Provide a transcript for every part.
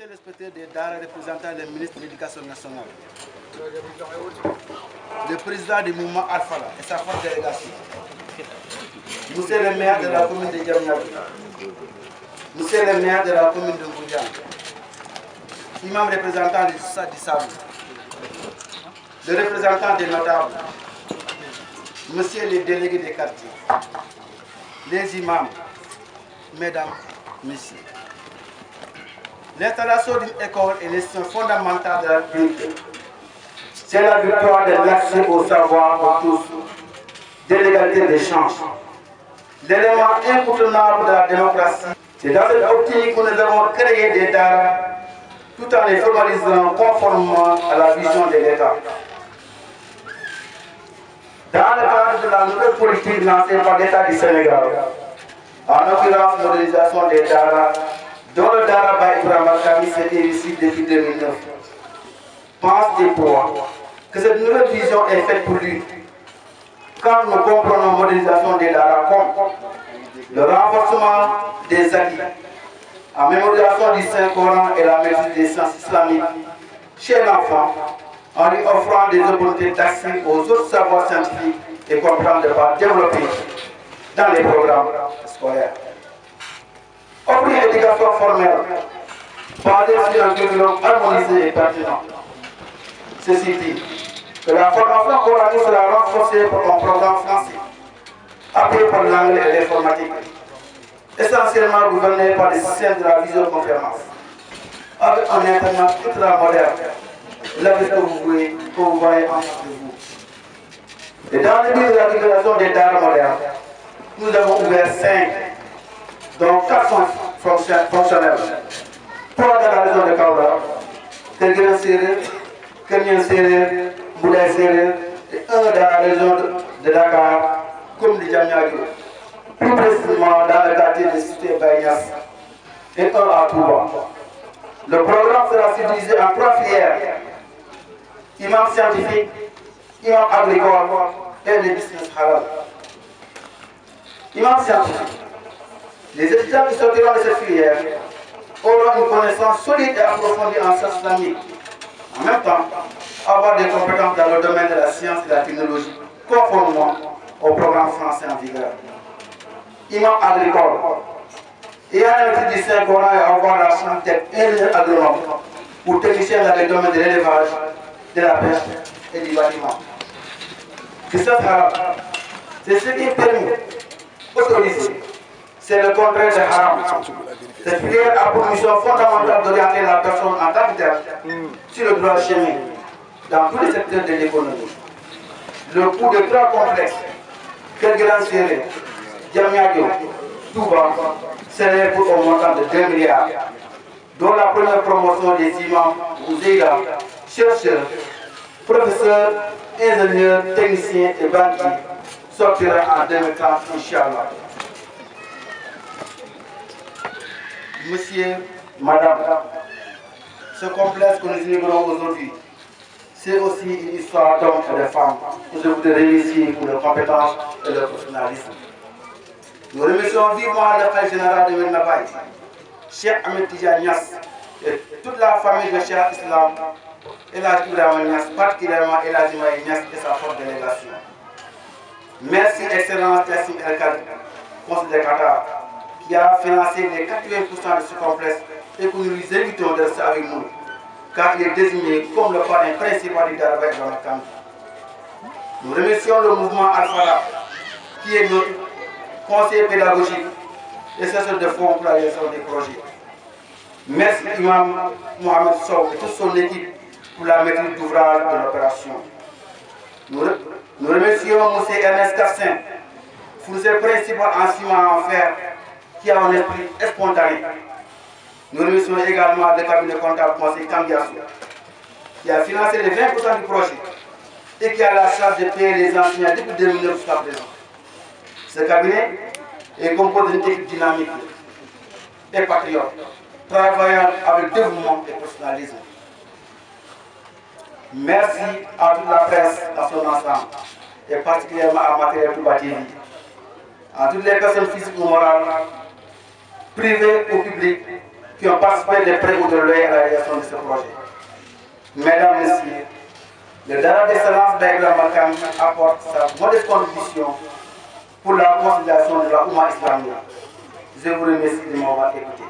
Monsieur le l'inspecteur des DARA représentant le ministre de l'Éducation nationale, le président du mouvement Alphala et sa forte délégation, Monsieur le maire de la commune de Djamnabi, Monsieur le maire de la commune de Goudjan, imam représentant du Sable, le représentant des notables, Monsieur le Délégué des quartiers, les imams, Mesdames, Messieurs. L'installation d'une école est l'essence fondamentale de la République. C'est la victoire de l'accès au savoir pour tous, de l'égalité d'échange. L'élément incontournable de la démocratie, c'est dans cette optique que nous avons créé des DARA tout en les formalisant conformément à la vision de l'État. Dans le cadre de la nouvelle politique lancée par l'État du Sénégal, en l'occurrence modernisation des dans le Daraba Ibrahim Kami s'est réussi depuis 2009. Pense des poids que cette nouvelle vision est faite pour lui. Quand nous comprenons la modernisation des Dara comme le renforcement des acquis, la mémorisation du Saint-Coran et la maîtrise des sciences islamiques chez l'enfant, en lui offrant des opportunités d'accès aux autres savoirs scientifiques et comprendre de développer dans les programmes scolaires. Aucune l'éducation formelle Par sur un curriculum harmonisé et pertinent. Ceci dit, que la formation coranique sera renforcée pour un programme français, appelé par l'anglais et l'informatique, essentiellement gouverné par les systèmes de la visioconférence, avec un internet ultra-moderne, là que vous voyez, que vous voyez en face de vous. Et dans le but de la libération des terres modernes, nous avons ouvert cinq dont 400 fonctionnaires. Trois de la région de Kauda, Tegren Séré, Kenyan Séré, Boudaï Séré, et un de la région de Dakar, comme le Jamiagou. plus précisément dans le quartier de Cité Bayas, et un à Touba. Le programme sera subdivisé en trois filières imam scientifique, imam agricole et le business halal. Imam scientifique. Les étudiants qui sortiront de cette filière auront une connaissance solide et approfondie en sciences islamiques. En même temps, avoir des compétences dans le domaine de la science et de la technologie, conformément au programme français en vigueur. Imam agricole, et à l'intérieur du Saint-Coran et avoir la chance d'être ingénieur agronome ou technicien dans le domaine de l'élevage, de la pêche et du bâtiment. C'est ça, c'est ce qui est permis, c'est le contraire de haram. Cette prière a pour mission fondamentale d'orienter la personne en capital hmm. sur le droit chemin dans tous les secteurs de l'économie. Le coût de trois complexes, Kerguelen Séré, Djamnyadjo, Touba, s'élève pour au montant de 2 milliards, dont la première promotion des imams Ouzéga, chercheurs, professeurs, ingénieurs, techniciens et banquiers sortira en 2014 Inch'Allah. monsieur, madame, ce complexe que nous livrons aujourd'hui, c'est aussi une histoire d'hommes et de femmes que je voudrais réussir pour leur compétence et leur professionnalisme. Nous remercions vivement le frère général de Menabaye, Cheikh Ahmed Tijanias et toute la famille de Cheikh Islam et la Nias, particulièrement et la Nias et sa forte délégation. Merci Excellence Tassim El Khadi, conseiller de Qatar, qui a financé les 80% de ce complexe et que nous lui évitons de faire avec nous, car il est désigné comme le parrain principal du travail dans la camp. Nous remercions le mouvement Alpha qui est notre conseiller pédagogique et cesseur de fonds pour la réalisation des projets. Merci Imam Mohamed Sow et toute son équipe pour la maîtrise d'ouvrage de l'opération. Nous, remercions M. Ernest Cassin pour ses principaux en ciment en fer qui a un esprit espontané. Nous remercions également le cabinet comptable conseil Cambiassou, qui a financé les 20% du projet et qui a la charge de payer les enseignants depuis 2009 jusqu'à présent. Ce cabinet est composé d'une équipe dynamique et patriote, travaillant avec dévouement et personnalisme. Merci à toute la presse, à son ensemble, et particulièrement à Matériel Touba TV, à toutes les personnes physiques ou morales privé ou public qui ont participé de près ou de loin à la réalisation de ce projet. Mesdames, Messieurs, le Dara d'excellence la Makam apporte sa modeste contribution pour la consolidation de la Ouma islamique. Je vous remercie de m'avoir écouté.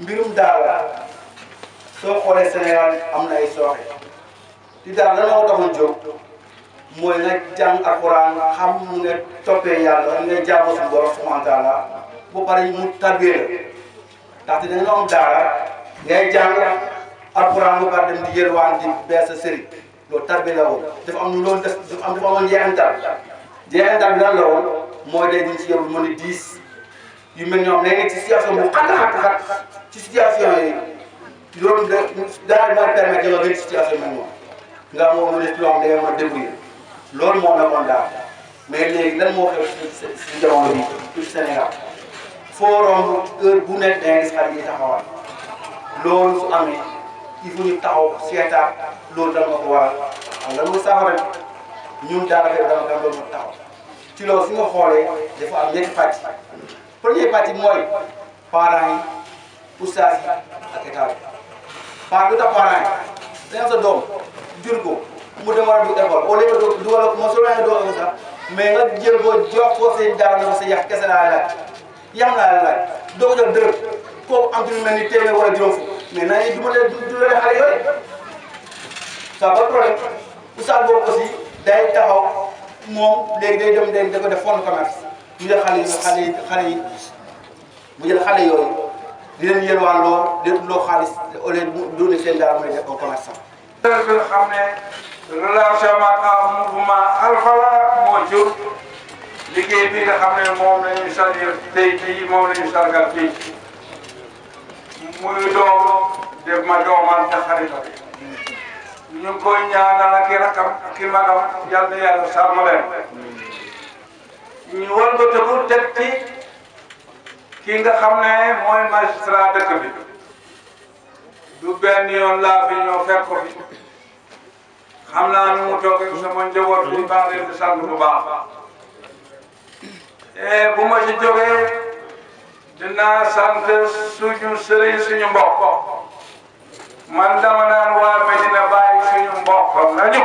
mbirum daaw soo xoolee Sénégal am na ay sooxe di daaw lan moo taxoon jóg mooy nag jàng alxuraan xam mu nga toppee yàlla nga jaamu suñu borom subhanahu wa taala bu pare mu tarbiyee la ndaxte dañoo am daara ngay jàng alxuraan bu pare dem di yëlwaan di bees a sëriñ loolu tarbiyee la woon dafa am loolu def dafa am dafa amoon jeexantal jeexantal bi lan la mooy day ñu ci yow mën a yu mel ñoom ne nekk ci situation bu xat loolu da daal moo permettre yow gën situation moom nga moo mën a ci loo ne da nga mën a débrouiller loolu moo nekkoon daal mais léegi lan moo xew si si jamono bi bu nekk yi taxawal loolu su amee il faut ñu taxaw seetaat loolu dama ko waral xam nga loolu saafara ñun daanaka dama dama doon taxaw ci loolu su nga xoolee dafa am ñetti pàcc. première partie mooy parents yi oustaz yi ak état bi par lu tax parents yi dañoo sa doom jur ko mu dem war a dugg école au lieu de dugal moom su la doo sax mais nga jël ko jox ko seen daara ko sa yax kese laa laaj yax laa la laaj doo ko jox dërëm kooku am ci lu mel ni téeméer wala juróom fukk mais naa ñu dumalee dulalee xale yooyu ça pas problème oustaz boobu aussi day taxaw moom léegi day dem day da ko def fond commerce ñu jël xale yi xale xale yi mu jël xale yooyu di leen yelwaan loo di leen loo xaalis au lieu mu ne seen daal mooy def au commerçant. xam ne relation ak mouvement Alfala moo jur liggéey bi xam ne moom la ñu sargal tey bii moom la ñu sargal fii muy ma doomal ta xarit ñu ngi koy ñaanal ak i rakam ak i magam yàlla na ñu war ko tëbu teg ki nga xam naa mooy magistrat dëkk bi du benn yoon laa fi ñoo fekk fi xam naa nu mu toog sama njaboot bi baax leen di sant bu baax bu ma ci jógee dinaa sant suñu sëriñ suñu mbokk man dama naan waa Medina Baye suñu mbokk lañu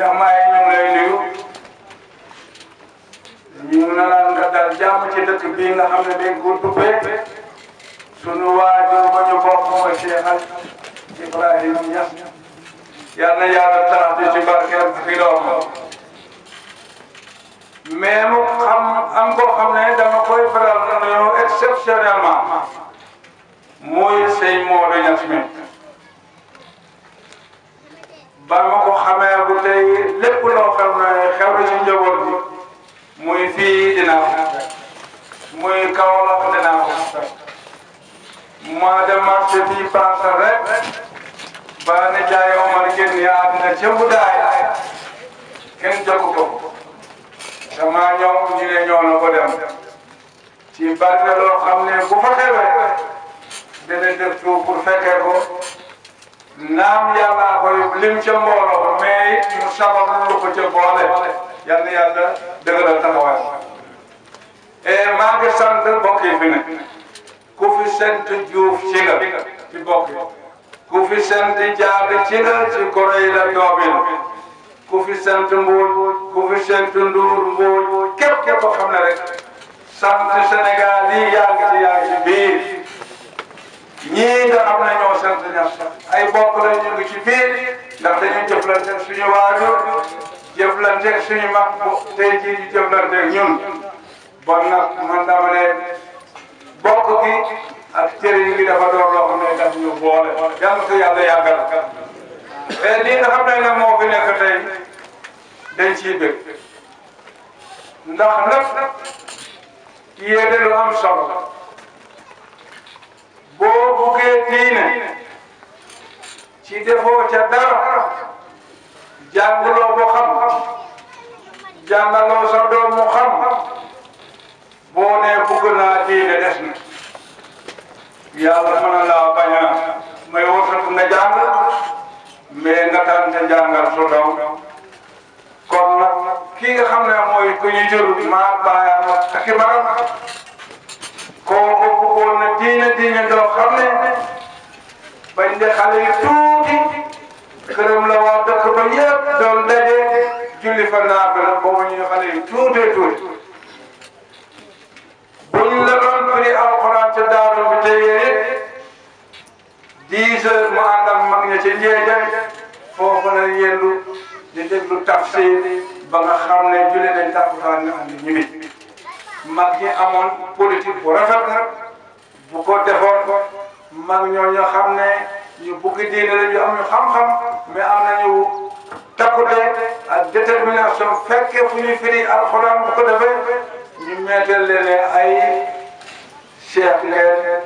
Cheikh Maye ñu ngi lay nuyu ñu nga dal jàmm ci dëkk bii nga xam ne dañ ko sunu waajur ba bokk mooy Cheikh Ibrahima Niass yal na yàlla tax ci barkeem fi doom mais mu xam am koo xam ne dama koy faral di nuyu exceptionnellement mooy sëñ Modou ba ma ko xamee bu tey lépp loo xam ne xew na ci njaboot bi muy fii dinaa ko fekk muy Kaolack dinaa ko fekk mois de mars fii passé rek ba ne jaay Omar génn yaa dina jëmbu daay kenn jokk ko dama ñëw ñu ne ñoo na ko dem ci bari na loo xam ne bu fa xewee dana def tout pour fekkee ko naam yàllaa koy lim ca mbooloo ba mais mu lu ko ca boole yal na yàlla dëgëral taxawaay et maa ngi sant mbokk yi fi ne ku fi ci nga ci mbokk yi ci nga ci Gorée la Dóobin ku fi sant Mbour ku fi sant Ndour Mbour képp képp koo xam ne rek sant Sénégal yaa ngi yaa ngi biir ñii nga xam ne sant ñoom ay bokk la ñu ngi ci biir ndax dañuy jëflante suñu waajur jëflante suñu mag bu tey jii ñu jëflante ñun bon nag man dama ne bokk gi ak cëriñ gi dafa doon loo xam ne daf ñu boole yàlla ko yàlla yàggal te eh, lii nga xam ne nag moo fi nekk tey dañ ciy bëgg ndax nag yéene lu am solo boo buggee diine ci defoo ca dara jàngaloo ko xam jàngaloo sa doom mu xam boo nee bugg naa diine des na yàlla mën na laa bañ a may wasatu nga jàng mais nga daan te jàngal su ndaw kon kii nga xam ne mooy ku ñu jur maa baayam ak i maram kooku xamoon na diine diine loo xam bañ de xale tuuti këram la waa dëkk ba yëpp doon daje julli fa naafila boobu ñu xale yu tuuti buñ la doon firi alxuraan bi mu mag la di déglu tafsir ba nga xam julli dañ tàkkusaan ñu andi mag ñi politique bu rafet bu ko defoon mag ñoo ñoo xam ne ñu bëgg diine la ñu am ñu xam-xam mais am nañu takkute ak détermination fekkee fu ñuy firi alxuraan bu ko defee ñu meetal leen ay cheikh leen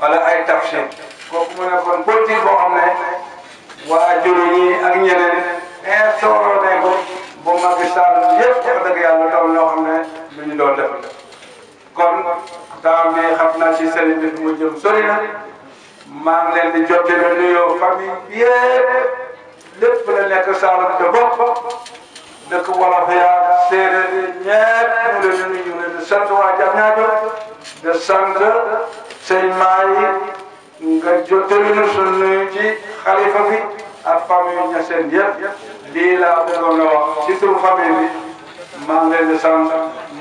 wala ay tafsir kooku mu nekkoon politique boo xam ne wa juróom ñi ak ñeneen instauré nañ ko ba Macky Sall yëpp wax dëgg yàlla taw loo xam ne lu ñu doon def kon. temps mais xam naa ci sëriñ bi mu jëm sori na maa ngi leen di jottali nuyoo famille yépp lépp la nekk Saalum te bopp dëkk yaa séeréer yi ñepp ñu leen di nuyu leen di sant waa de sant sëñ maa yi nga jottali nu suñu nuyu ci xalifa bi famille Niassène yëpp laa bëggoon wax ci turu famille di sant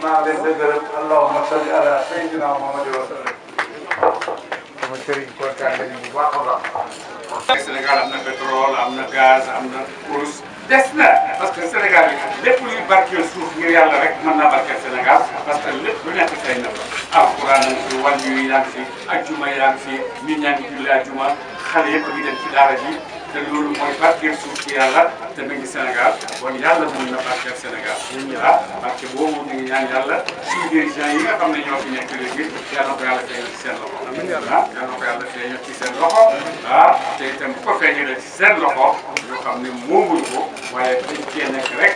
maa leen dëgëral allahumma salli ala sayyidina Muhammad wa sallam. sama sëriñ kontaan nañu bu baax a baax. Sénégal am na pétrole am na gaz am na urus des na parce que Sénégal bi lépp luy barkeel suuf ngir yàlla rek mën naa barkeel Sénégal parce que lépp lu nekk feeñ na fa. alquran nañ fi wàllu yi yaa ngi fi ajjuma yaa ngi fi nit ñaa ngi julli ajjuma xale yëpp a ngi dem ci daara ji. te loolu mooy barkeel suuf bu yàlla te mi ngi Sénégal bon yàlla mën na barkeel Sénégal ah parce que boobu ñu ngi ñaan yàlla suñu dirigeants yi nga xam ne ñoo fi nekk léegi yàlla ko yàlla feeñal ci seen loxo ah yàlla ko yàlla feeñal ci seen loxo ah te itam bu ko feeñalee ci seen loxo yoo xam ne moomuñu ko waaye dañ cee nekk rek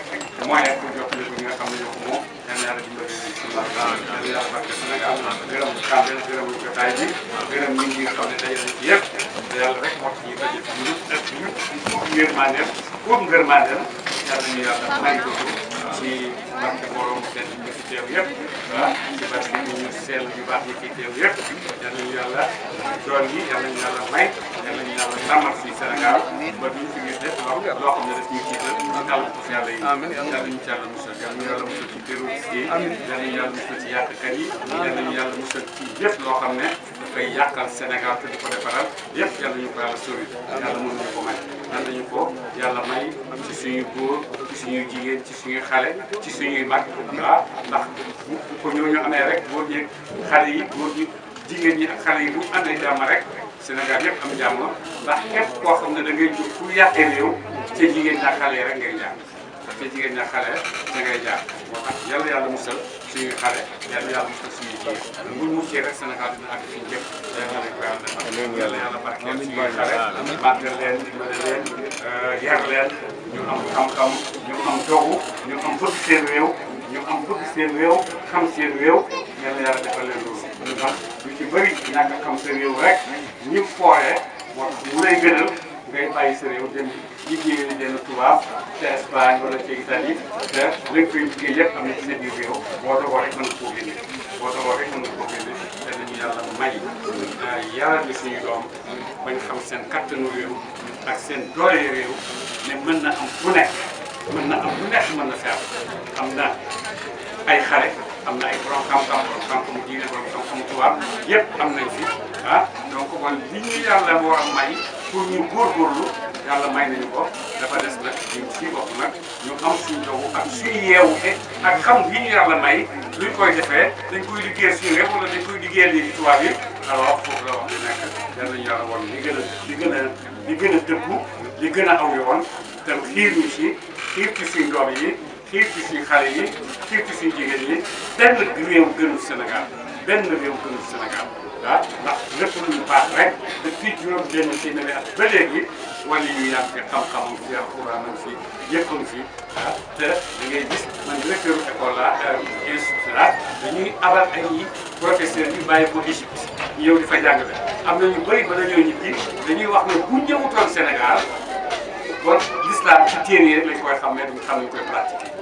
mooy nekk jot li nga xam ne ñoo ko moom yàlla yàlla dimbali ndax yàlla yàlla barke Sénégal gërëm Kambel gërëm jotaay bi gërëm nit ñi nga xam ne daje nañ ci yëpp te yàlla rek moo tax ñu daje fi ñu ñu ngërmaaneel foofu ngërmaaneel yàlla ñu yàlla may ko ci barke borom seen ñi fi teew yëpp ah ci barke ñi ñu seel yu baax yi fi teew yëpp yal nañu yàlla doon yi yal nañu yàlla may yal nañu yàlla ndamal ci Sénégal ba duñ fi gis def loo loo xam ne daf ñuy tiital ñu dal ko yàlla yi yal nañu ci yàlla musal yal nañu yàlla musal ci terroriste yi yal nañu yàlla musal ci yàqkat yi yal nañu yàlla musal ci yëpp loo xam ne tey yàqal Sénégal te di ko defaral yëpp yàlla ñu ko yàlla sori yàlla mën ñu ko may yàlla ko yàlla may ci suñu góor ci suñuy jigéen ci suñuy xale ci suñuy mag waaw ah, ndax bu ko ñooñu amee rek góor ñi xale yi góor ñi jigéen ñi ak xale yi bu àndee jàmm rek Sénégal yëpp am jàmm ndax képp koo xam ne da ngay jóg pour yàqee réew ca jigéen ñaa xale yi rek ngay jaar te jigéen ñaa xale da ngay jaar tax yàlla yàlla musal suñu xale yàlla yàlla mos ko suñu jiir bu ñu muccee rek Sénégal dina àgg suñu jëf yàlla yàlla barkeel suñu xale barkeel leen dimbale leen yar leen ñu am xam-xam ñu am dogu ñu am bëgg seen réew ñu am bëgg seen réew xam seen réew yàlla yàlla defal leen loolu ndax lu ci bëri ñàkk xam seen réew rek ñi fooree wax mu lay gënal ngay bàyyi sa réew dem liggéeyi leen tubaab ca Espagne wala ca Italie te lépp koy liggéey yëpp am na ci sa biir réew boo dogoon rek mën nga koo génne boo dogoon rek mën nga koo génne may ah, yaral bi suñu doom bañ xam seen kattanu réew ak ne mën na am bu na am bu ay xare am na ay borom xam-xam borom xam-xamu diine borom xam-xamu tubaab yëpp am nañ fi ah donc li ñu yàlla war a may pour ñu góorgóorlu yàlla may nañu ko dafa des nag ñun fii bopp nag ñu am suñu dogu ak suñu yeewute ak xam li ñu yàlla may luñ koy defee dañ koy liggéey suñu réew wala dañ koy liggéey lii tubaab yi alors foofu la wax ne nekk yàlla yàlla woon li gën a li gën a li gën a dëggu li aw yoon te xiir si xiir ci suñu doom yi xiirti si xale yi xiirti si jigéen yi benn réew gënul Sénégal benn réew gënul Sénégal ah ndax lépp lu ñu baax rek depuis juróom benn téeméeri at ba léegi wala yu yàgg fi xam-xamam fi alxuraan am fi yëppam fi ah te da ngay gis man directeur école la euh, institut la dañuy abal ay professeur yu bàyyi ko Égypte ñëw di fa jàngale am na ñu bëri ba dañoo ñibbi dañuy wax ne bu ñëwutoon Sénégal kon l'islam ci téere rek lañ koy xam ne duñ xam ne ñu koy pratiquer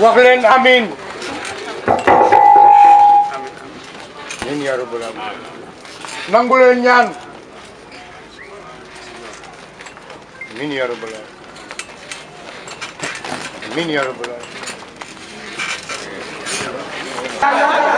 Waklen amin. Amin. Yan ya Rabbul Amin. Nanggulan yan. Amin ya Rabbul Amin. ya Rabbul Amin.